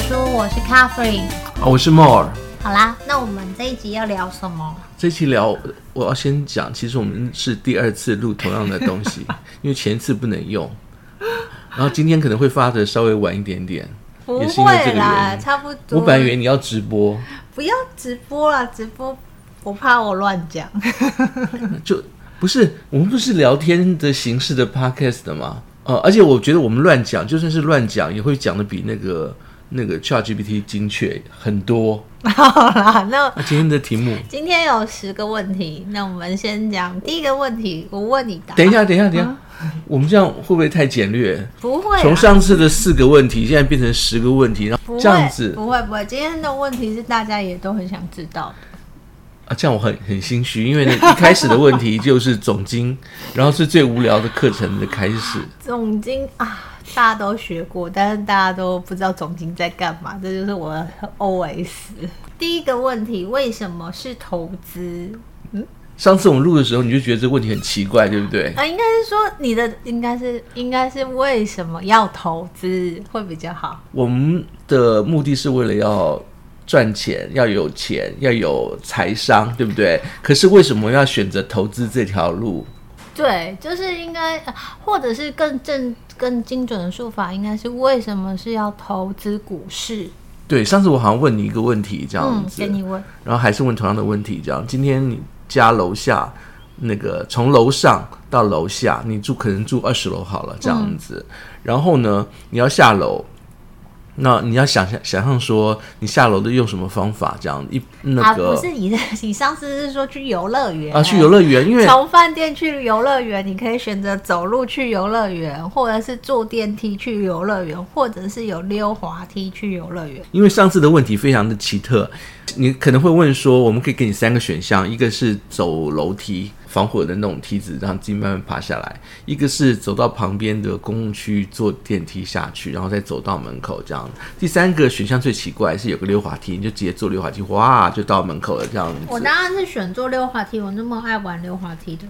說我是 Catherine、啊、我是 More。好啦，那我們這一集要聊什麼？這一集聊，我要先講。其實我們是第二次錄同樣的東西， 因為前一次不能用。然後今天可能會發的稍微晚一點點，也是因為這個原因。差不多。我本來以為你要直播，不要直播了，直播我怕我亂講。 就不是我們不是聊天的形式的 Podcast 的嗎、呃？而且我覺得我們亂講，就算是亂講，也會講的比那個。那個 ChatGPT 精確很多。好啦，那、啊、今天的題目，今天有十個問題，那我們先講第一個問題，我問你答。等一下，等一下，等一下，我們這樣會不會太簡略？不會。從上次的四個問題，現在變成十個問題，然後這樣子，不會不會，不會。今天的問題是大家也都很想知道的。啊，這樣我很很心虛，因為一開始的問題就是總經， 然後是最無聊的課程的開始。總經啊，大家都學過，但是大家都不知道總經在幹嘛，這就是我的 OS。第一個問題：為什麼是投資？嗯，上次我們錄的時候，你就覺得這個問題很奇怪，對不對？啊，應該是說你的應該是應該是為什麼要投資會比較好？我們的目的是為了要。賺錢要有錢，要有財商，對不對？可是為什麼要選擇投資這條路？對，就是應該，或者是更正、更精準的說法，應該是為什麼是要投資股市？對，上次我好像問你一個問題，這樣子，嗯，給你問，然後還是問同樣的問題，這樣。今天你家樓下那個，從樓上到樓下，你住可能住二十樓好了，這樣子。嗯，然後呢，你要下樓。那你要想象想象說，你下樓的用什麼方法？這樣一那個、啊，不是你，你上次是說去遊樂園啊？去遊樂園，因為從飯店去遊樂園，你可以選擇走路去遊樂園，或者是坐電梯去遊樂園，或者是有溜滑梯去遊樂園。因為上次的問題非常的奇特，你可能會問說，我們可以給你三個選項，一個是走樓梯。防火的那種梯子，讓自己慢慢爬下來。一個是走到旁邊的公共區域坐電梯下去，然後再走到門口這樣。第三個選項最奇怪是有個溜滑梯，你就直接坐溜滑梯，哇，就到門口了這樣子。我當然是選坐溜滑梯，我那麼愛玩溜滑梯的。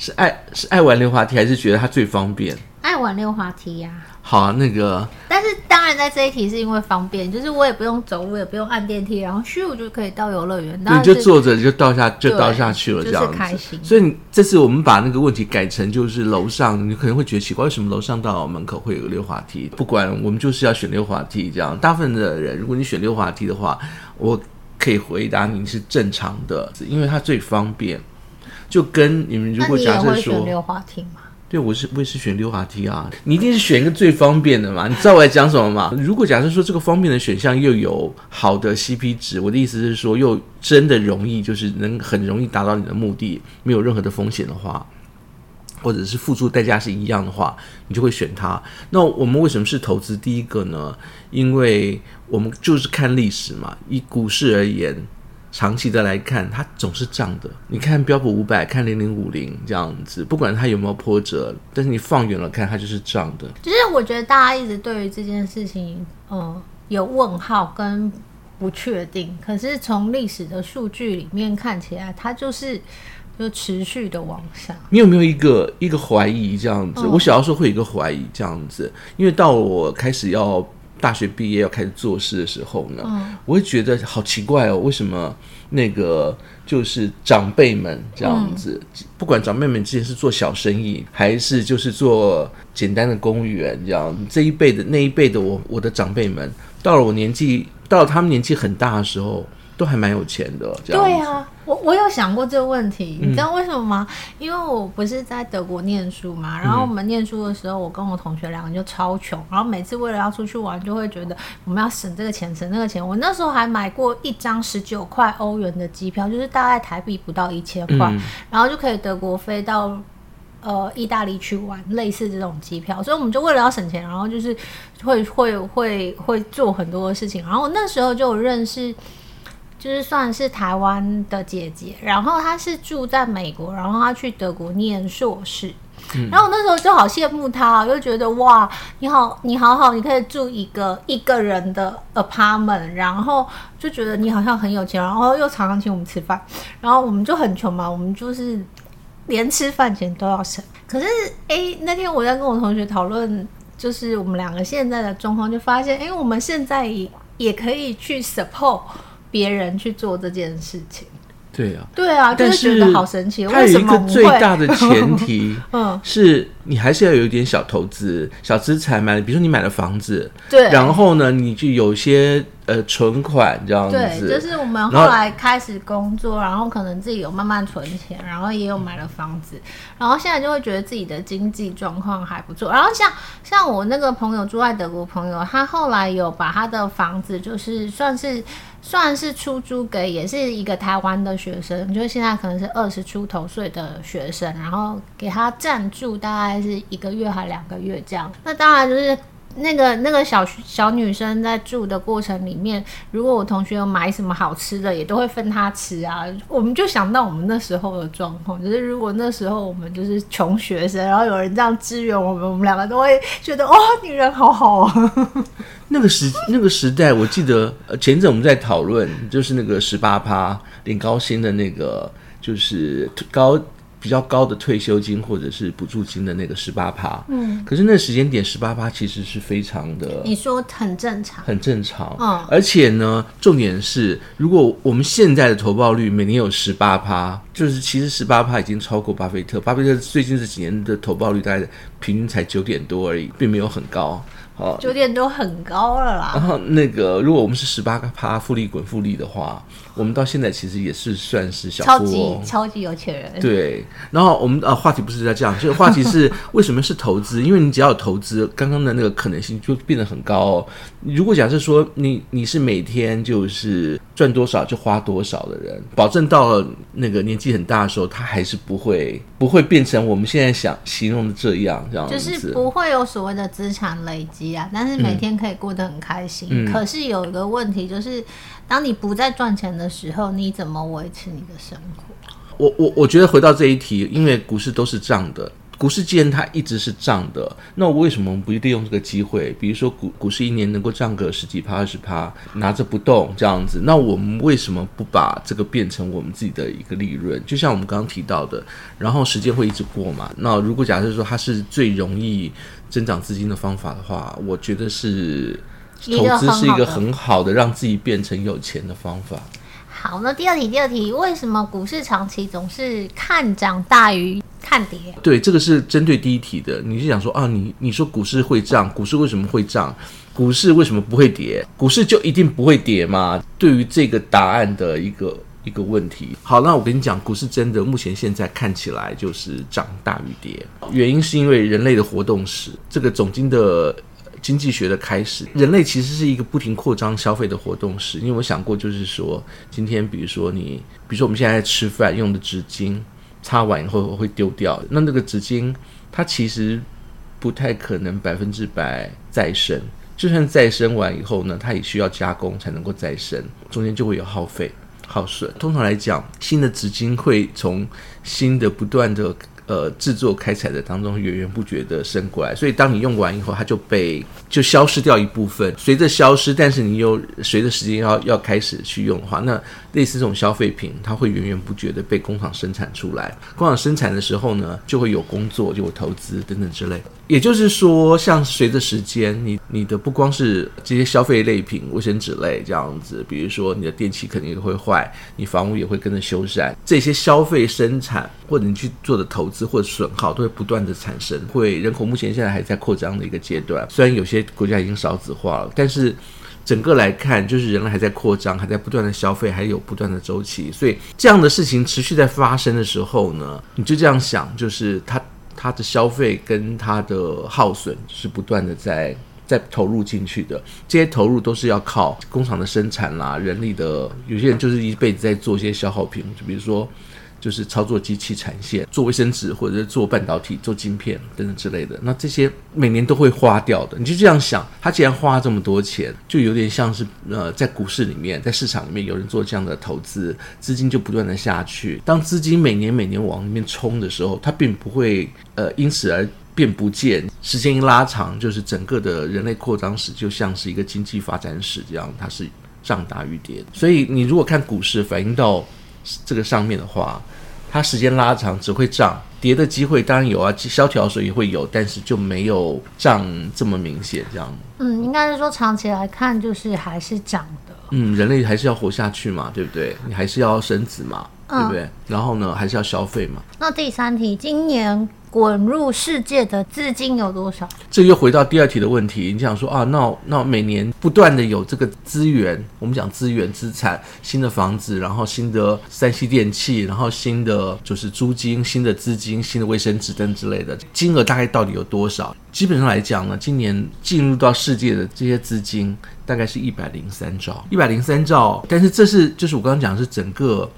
是愛是愛玩溜滑梯，還是覺得它最方便？愛玩溜滑梯呀、啊。好，啊，那個。但是當然，在這一題是因為方便，就是我也不用走，我也不用按電梯，然後咻就可以到遊樂園。那、這個、你就坐着就倒下就倒下去了，這樣、就是、開心。所以這次我們把那個問題改成，就是樓上你可能會覺得奇怪，為什麼樓上到門口會有溜滑梯？不管，我們就是要選溜滑梯這樣。大部分的人，如果你選溜滑梯的話，我可以回答你是正常的，因為它最方便。就跟你們如果假設說。對，我是我也是選溜滑 t 啊，你一定是選一個最方便的嘛。你知道我在講什麼嗎？如果假設說，這個方便的選項又有好的 CP 值，我的意思是說，又真的容易，就是能很容易達到你的目的，沒有任何的風險的話，或者是付出代價是一樣的話，你就會選它。那我們為什麼是投資第一個呢？因為我們就是看歷史嘛，以股市而言，長期的來看，它總是漲的。你看標普五百，看零零五零這樣子，不管它有沒有波折，但是你放遠了看，它就是漲的。就是我覺得大家一直對於這件事情，嗯、呃，有問號跟不確定。可是從歷史的數據裡面看起來，它就是就持續的往上。你有沒有一個一個懷疑這樣子？嗯、我小時候會有一個懷疑這樣子，因為到我開始要。大學畢業要開始做事的時候呢，嗯、我會覺得好奇怪哦，為什麼那個就是長輩們這樣子，嗯、不管長輩們之前是做小生意，還是就是做簡單的公務員這，這樣這一輩的那一輩的我，我的長輩們到了我年紀，到了他們年紀很大的時候。都還蠻有錢的，對啊，我我有想過這個問題，你知道為什麼嗎？嗯、因為我不是在德國念書嘛，然後我們念書的時候，嗯、我跟我同學兩個人就超窮，然後每次為了要出去玩，就會覺得我們要省這個錢，省那個錢。我那時候還買過一張十九塊歐元的機票，就是大概台幣不到一千塊，嗯、然後就可以德國飛到呃意大利去玩，類似這種機票。所以我們就為了要省錢，然後就是會會會會做很多的事情。然後我那時候就認識。就是算是台灣的姐姐，然後她是住在美國，然後她去德國念碩士，嗯，然後我那時候就好羨慕她，又覺得哇，你好，你好好，你可以住一個一個人的 apartment，然後就覺得你好像很有錢，然後又常常請我們吃飯，然後我們就很窮嘛，我們就是連吃飯錢都要省。可是哎，那天我在跟我同學討論，就是我們兩個現在的狀況，就發現哎，我們現在也也可以去 support。別人去做這件事情，對啊，對啊，但是就是覺得好神奇，為什麼不會？最大的前提，嗯，是。你還是要有一點小投資、小資產買，比如說你買了房子，對，然後呢，你就有些呃存款，這樣子。對，就是我們後來開始工作，然後，然後可能自己有慢慢存錢，然後也有買了房子，嗯、然後現在就會覺得自己的經濟狀況還不錯。然後像像我那個朋友住在德國朋友，他後來有把他的房子就是算是算是出租給，也是一個台灣的學生，就是現在可能是二十出頭歲的學生，然後給他暫住，大概。是一個月還兩個月這樣，那當然就是那個那個小小女生在住的過程裡面，如果我同學有買什麼好吃的，也都會分她吃啊。我們就想到我們那時候的狀況，就是如果那時候我們就是窮學生，然後有人這樣支援我們，我們兩個都會覺得哦，女人好好啊 那。那個時那個時代，我記得，前陣我們在討論，就是那個十八趴領高薪的那個，就是高。比較高的退休金或者是補助金的那個十八趴，嗯，可是那個時間點十八趴其實是非常的，你說很正常，很正常，啊、嗯、而且呢，重點是，如果我們現在的投報率每年有十八趴。就是其實十八趴已經超過巴菲特，巴菲特最近這幾年的投報率大概平均才九點多而已，並沒有很高。哦，九點多很高了啦。然後那個，如果我們是十八個趴複利滾複利的話，我們到現在其實也是算是小、哦、超級超級有錢人。對。然後我們啊，話題不是在這樣，這個話題是為什麼是投資？ 因為你只要有投資，剛剛的那個可能性就變得很高哦。如果假設說你你是每天就是賺多少就花多少的人，保證到了那個年紀。很大的時候，他還是不會不會變成我們現在想形容的這樣這樣，就是不會有所謂的資產累積啊。但是每天可以過得很開心。嗯。可是有一個問題就是，當你不再賺錢的時候，你怎麼維持你的生活？我我我覺得回到這一題，因為股市都是這樣的。股市既然它一直是漲的，那我為什麼不利用這個機會？比如說股，股股市一年能夠漲個十幾趴、二十趴，拿着不動這樣子，那我們為什麼不把這個變成我們自己的一個利潤？就像我們剛剛提到的，然後時間會一直過嘛。那如果假設說它是最容易增長資金的方法的話，我覺得是投資是一個很好的讓自己變成有錢的方法。好，那第二題，第二題，為什麼股市長期總是看漲大於看跌啊？對，這個是針對第一題的。你是想說啊，你你說股市會漲，股市為什麼會漲？股市為什麼不會跌？股市就一定不會跌嗎？對於這個答案的一個一個問題。好，那我跟你講，股市真的目前現在看起來就是漲大於跌，原因是因為人類的活動史，這個總經的。經濟學的開始，人類其實是一個不停擴張消費的活動史。因為我想過，就是說，今天比如說你，比如說我們現在在吃飯用的紙巾，擦完以後會丟掉。那那個紙巾，它其實不太可能百分之百再生。就算再生完以後呢，它也需要加工才能夠再生，中間就會有耗費、耗損。通常來講，新的紙巾會從新的不斷的。呃，製作開採的當中源源不絕的生過來，所以當你用完以後，它就被就消失掉一部分。隨着消失，但是你又隨着時間要要開始去用的話，那類似這種消費品，它會源源不絕的被工廠生產出來。工廠生產的時候呢，就會有工作，就會有投資等等之類。也就是說，像隨着時間，你你的不光是這些消費類品、衛生紙類這樣子，比如說你的電器肯定也會壞，你房屋也會跟着修繕。這些消費生產或者你去做的投資。或者損耗都會不斷的產生，會人口目前現在還在擴張的一個階段，雖然有些國家已經少子化了，但是整個來看，就是人類還在擴張，還在不斷的消費，還有不斷的週期，所以這樣的事情持續在發生的時候呢，你就這樣想，就是它它的消費跟它的耗損是不斷的在在投入進去的，這些投入都是要靠工廠的生產啦，人力的，有些人就是一輩子在做一些消耗品，就比如說。就是操作機器產線做衛生紙或者是做半導體做晶片等等之類的，那這些每年都會花掉的。你就這樣想，它既然花這麼多錢，就有點像是呃在股市裡面，在市場裡面有人做這樣的投資，資金就不斷的下去。當資金每年每年往裡面衝的時候，它並不會呃因此而變不見。時間一拉長，就是整個的人類擴張史就像是一個經濟發展史這樣，它是漲大於跌。所以你如果看股市反映到。這個上面的話，它時間拉長只會漲，跌的機會當然有啊，蕭條的時候也會有，但是就沒有漲這麼明顯這樣。嗯，應該是說長期來看，就是還是漲的。嗯，人類還是要活下去嘛，對不對？你還是要生子嘛。對不對？嗯、然後呢，還是要消費嘛。那第三題，今年滾入世界的資金有多少？這又回到第二題的問題。你想說啊，那那每年不斷的有這個資源，我們講資源資產，新的房子，然後新的三 C 電器，然後新的就是租金、新的資金、新的衛生紙等之類的金額，大概到底有多少？基本上來講呢，今年進入到世界的這些資金大概是一百零三兆，一百零三兆。但是這是就是我剛剛講的是整個。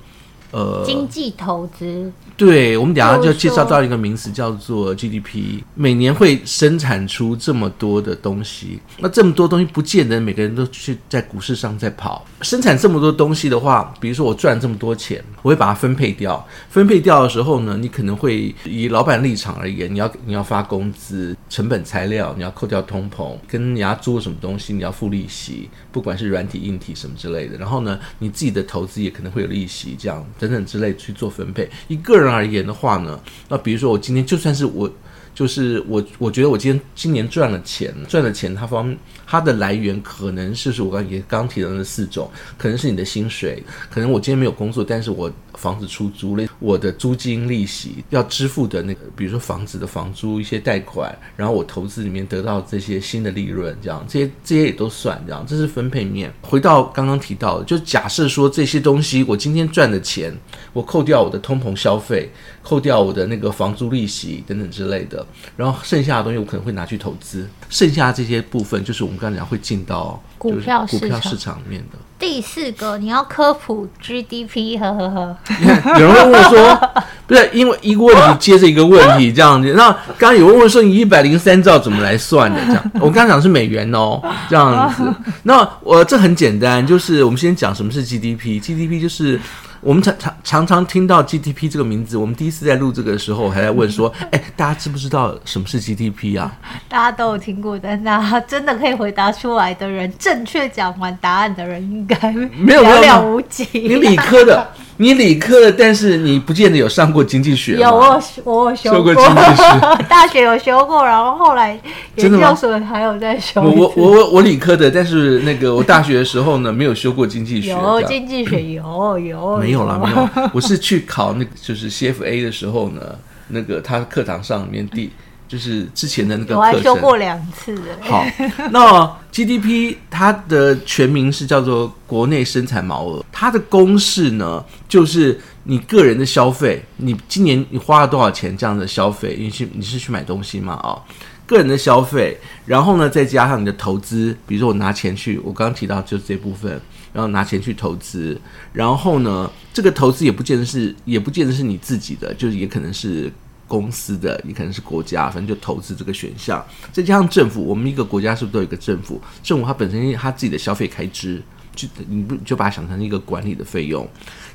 呃，經濟投資，對，我們等下就介紹到一個名詞叫做 GDP，每年會生產出這麼多的東西。那這麼多東西不見得每個人都去在股市上在跑。生產這麼多東西的話，比如說我賺這麼多錢，我會把它分配掉。分配掉的時候呢，你可能會以老闆立場而言，你要你要發工資，成本材料，你要扣掉通膨，跟你要做什麼東西，你要付利息，不管是軟體硬體什麼之類的。然後呢，你自己的投資也可能會有利息，這樣。等等之類去做分配。以個人而言的話呢，那比如說我今天就算是我，就是我，我覺得我今天今年賺了錢，賺了錢，它方，它的來源可能是我剛也剛提到那四種，可能是你的薪水，可能我今天沒有工作，但是我。房子出租了，我的租金利息要支付的那個，比如說房子的房租、一些貸款，然後我投資裡面得到這些新的利潤，這樣這些這些也都算這樣，這是分配面。回到剛剛提到的，就假設說這些東西，我今天賺的錢，我扣掉我的通膨消費，扣掉我的那個房租利息等等之類的，然後剩下的東西我可能會拿去投資，剩下的這些部分就是我們剛才講會進到。股票，股票市場面的第四個，你要科普 GDP 呵，呵，呵。呵呵。有人問我說， 不是，因為一個問題接着一個問題、啊、這樣子。那剛剛有人問我說，你一百零三兆怎麼來算的？這樣， 我剛剛講的是美元哦，這樣子。 那我、呃、這很簡單，就是我們先講什麼是 GDP，GDP 就是。我們常常常常聽到 GDP 這個名字。我們第一次在錄這個的時候，還在問說：“哎，大家知不知道什麼是 GDP 啊？”大家都有聽過的，那真的可以回答出來的人，正確講完答案的人，應該寥寥無幾，你理科的。 你理科，但是你不見得有上過經濟學嗎？有我，我有修過。過經濟學 大學有修過，然後後來研究生還有在修。我我我我理科的，但是那個我大學的時候呢，沒有修過經濟學。有道經濟學有 有，有有。沒有啦，有沒有。我是去考那個，就是 CFA 的時候呢， 那個他課堂上面第。就是之前的那個我還修過兩次。好，那 GDP 它的全名是叫做國內生產毛額，它的公式呢，就是你個人的消費，你今年你花了多少錢這樣的消費，你去你是去買東西嗎？啊，個人的消費，然後呢，再加上你的投資，比如說我拿錢去，我剛剛提到就是這部分，然後拿錢去投資，然後呢，這個投資也不見得是，也不見得是你自己的，就是也可能是。公司的，你可能是國家，反正就投資這個選項。再加上政府，我們一個國家是不是都有一個政府？政府它本身它自己的消費開支，就你不就把它想成一個管理的費用。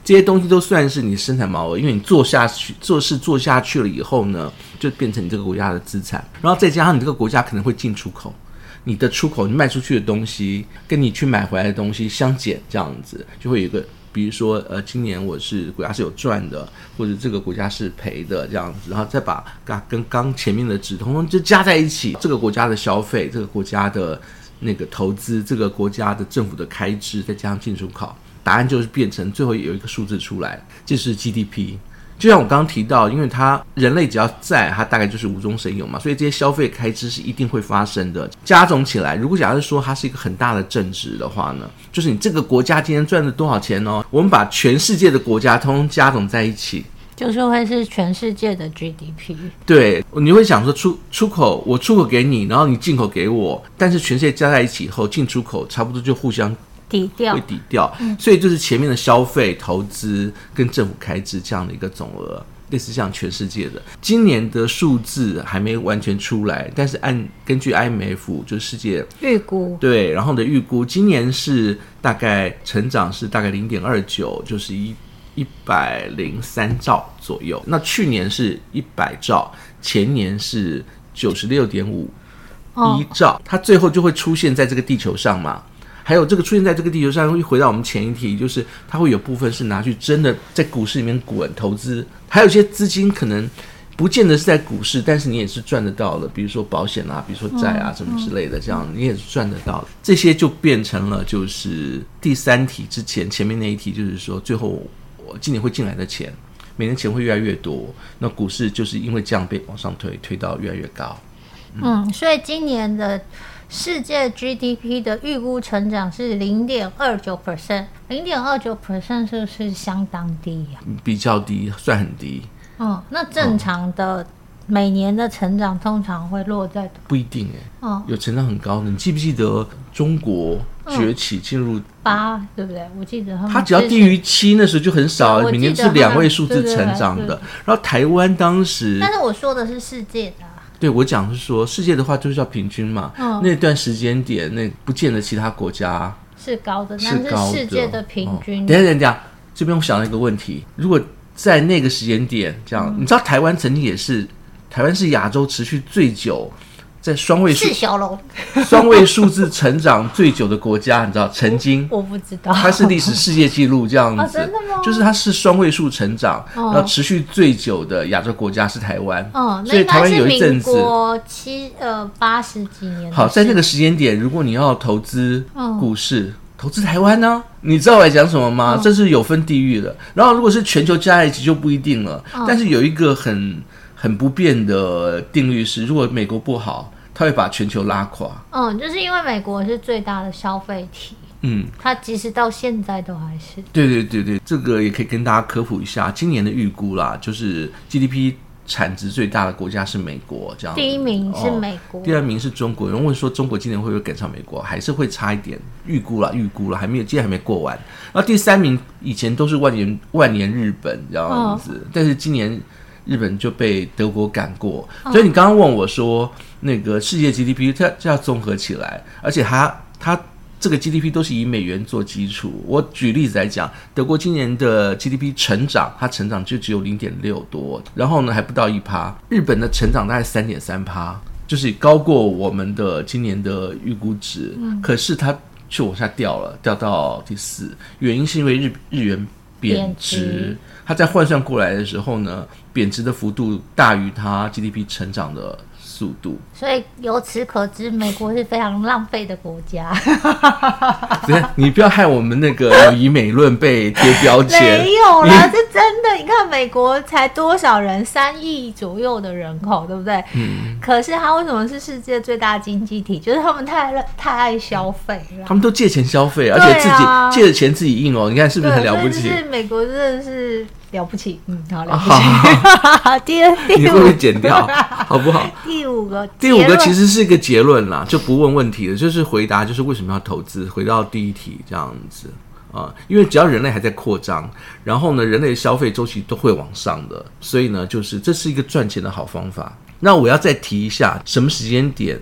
這些東西都算是你生產毛額，因為你做下去做事做下去了以後呢，就變成你這個國家的資產。然後再加上你這個國家可能會進出口，你的出口你賣出去的東西跟你去買回來的東西相減，這樣子就會有一個。比如說，呃，今年我是國家是有賺的，或者這個國家是賠的這樣子，然後再把剛跟剛前面的值通通就加在一起，這個國家的消費，這個國家的那個投資，這個國家的政府的開支，再加上進出口，答案就是變成最後有一個數字出來，這，就是 GDP。就像我剛剛提到，因為它人類只要在，它大概就是無中生有嘛，所以這些消費開支是一定會發生的。加總起來，如果假設說它是一個很大的正值的話呢，就是你這個國家今天賺了多少錢呢、哦？我們把全世界的國家通通加總在一起，就是會是全世界的 GDP。對，你會想說出出口我出口給你，然後你進口給我，但是全世界加在一起以後，進出口差不多就互相。抵掉會抵掉，底掉嗯、所以就是前面的消費、投資跟政府開支這樣的一個總額，類似像全世界的今年的數字還沒完全出來，但是按根據 IMF 就是世界預估對，然後的預估今年是大概成長是大概零點二九，就是一一百零三兆左右，那去年是一百兆，前年是九十六點五一兆，哦、它最後就會出現在這個地球上嘛？還有這個出現在這個地球上，又回到我們前一題，就是它會有部分是拿去真的在股市裡面滾投資，還有一些資金可能不見得是在股市，但是你也是賺得到的，比如說保險啊，比如說債啊，嗯、什麼之類的，這樣你也是賺得到的。這些就變成了就是第三題之前前面那一題，就是說最後我今年會進來的錢，每年錢會越來越多，那股市就是因為這樣被往上推，推到越來越高。嗯，嗯，所以今年的。世界 GDP 的預估成長是零點二九 percent，零點二九 percent 是不是相當低呀、啊？比較低，算很低。哦、嗯，那正常的每年的成長通常會落在不一定哎、欸。哦、嗯，有成長很高的，你記不記得中國崛起進入八，嗯嗯、8, 對不對？我記得他它只要低於七，那時候就很少，每年是兩位數字成長的。對對對對，然後台灣當時，但是我說的是世界的。對我講是說世界的話就是叫平均嘛，哦、那段時間點那不見得其他國家是高的，是高的，是世界的平均。哦、等一下，等一下，這邊我想了一個問題，如果在那個時間點這樣，嗯、你知道台灣曾經也是台灣是亞洲持續最久。在雙位數，雙位數字成長最久的國家，你知道？曾經我不知道，它是歷史世界紀錄這樣子。就是它是雙位數成長，然後持續最久的亞洲國家是台灣。嗯，所以台灣有一陣子七呃八十幾年。好，在那個時間點，如果你要投資股市，投資台灣呢，你知道我要講什麼嗎？這是有分地域的。然後，如果是全球加在一起就不一定了。但是有一個很很不變的定律是，如果美國不好。他會把全球拉垮。嗯，就是因為美國是最大的消費體。嗯，它其實到現在都還是。對對對對，這個也可以跟大家科普一下。今年的預估啦，就是 GDP 產值最大的國家是美國，這樣。第一名是美國，哦。第二名是中國。因為我說中國今年會不會趕上美國，還是會差一點。預估啦。預估啦，還沒有，今年還沒過完。然後第三名以前都是萬年萬年日本這樣子，哦、但是今年。日本就被德國趕過。哦、所以你剛剛問我說，那個世界 GDP 它就要綜合起來，而且它它這個 GDP 都是以美元做基礎。我舉例子來講，德國今年的 GDP 成長，它成長就只有零點六多，然後呢還不到一趴。日本的成長大概三點三趴，就是高過我們的今年的預估值。嗯、可是它卻往下掉了，掉到第四。原因是因為日日元貶值。它在換算過來的時候呢，貶值的幅度大於它 GDP 成長的速度，所以由此可知，美國是非常浪費的國家 你不要害我們那個以美論被貼標籤。 沒有了啦，這你真的。你看美國才多少人，三億左右的人口，對不對？嗯、可是他為什麼是世界最大的經濟體？就是他們太太愛消費了。他們都借錢消費，而且自己借的錢自己印哦。啊、你看是不是很了不起？其實美國真的是。了不起，嗯，好，了不起。哦、 第二、第五個，你會不會剪掉？好不好？第五個，第五個其實是一個結論啦，就不問問題了，就是回答，就是為什麼要投資？回到第一題這樣子啊、嗯，因為只要人類還在擴張，然後呢，人類的消費週期都會往上的，所以呢，就是這是一個賺錢的好方法。那我要再提一下，什麼時間點？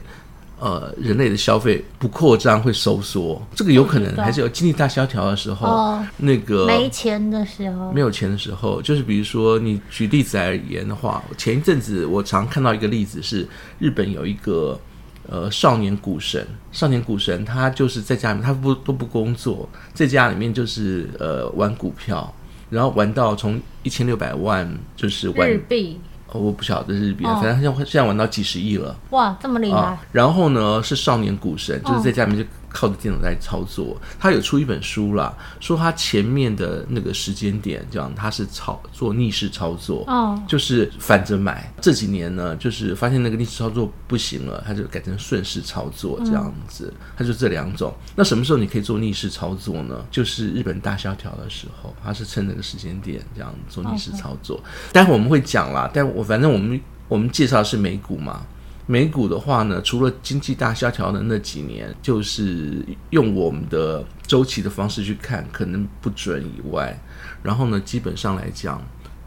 呃，人類的消費不擴張會收縮，這個有可能，還是有經濟大蕭條的時候，哦、那個沒錢的時候，沒有錢的時候，就是比如說你舉例子而言的話，前一陣子我常看到一個例子是日本有一個呃少年股神，少年股神，他就是在家裡面，他不都不工作，在家裡面就是呃玩股票，然後玩到從一千六百萬就是玩日幣。我不曉得是別，反正他現現在玩到幾十億了。哇，這麼厲害！啊，然後呢，是少年股神，哦、就是在家裡面就。靠着電腦在操作，他有出一本書啦，說他前面的那個時間點這樣，講他是操做逆勢操作，哦，就是反着買。這幾年呢，就是發現那個逆勢操作不行了，他就改成順勢操作這樣子，他、嗯、就這兩種。那什麼時候你可以做逆勢操作呢？就是日本大蕭條的時候，他是趁那個時間點這樣做逆勢操作。嗯、待會我們會講啦，但我反正我們我們介紹的是美股嘛。美股的話呢，除了經濟大蕭條的那幾年，就是用我們的週期的方式去看，可能不準以外，然後呢，基本上來講，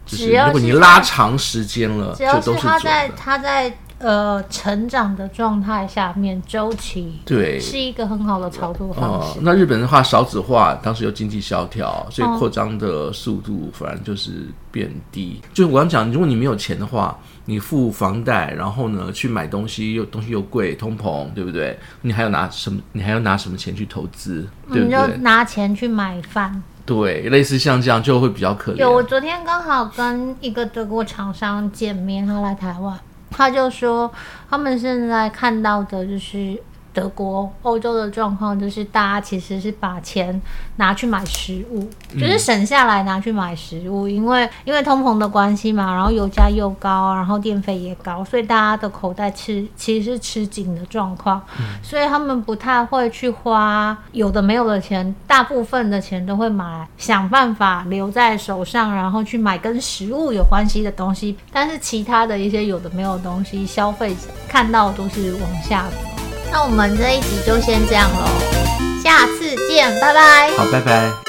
就是如果你拉長時間了，就都是準的。呃，成長的狀態下面週期對是一個很好的炒作方式，呃。那日本的話少子化，當時又經濟蕭條，所以擴張的速度反而就是變低。哦，就我想講，如果你沒有錢的話，你付房貸，然後呢去買東西，東西又東西又貴，通膨，對不對？你還要拿什麼？你還要拿什麼錢去投資？對不對？你要，嗯，拿錢去買飯。對，類似像這樣就會比較可憐。有，我昨天剛好跟一個德國廠商見面，他來台灣。他就說，他們現在看到的就是。德國、歐洲的狀況就是，大家其實是把錢拿去買食物，就是省下來拿去買食物，因為因為通膨的關係嘛，然後油價又高，然後電費也高，所以大家的口袋吃其實是吃緊的狀況，所以他們不太會去花有的沒有的錢，大部分的錢都會買想辦法留在手上，然後去買跟食物有關係的東西，但是其他的一些有的沒有的東西消費者看到都是往下的。那我們這一集就先這樣嘍，下次見，拜拜。好，拜拜。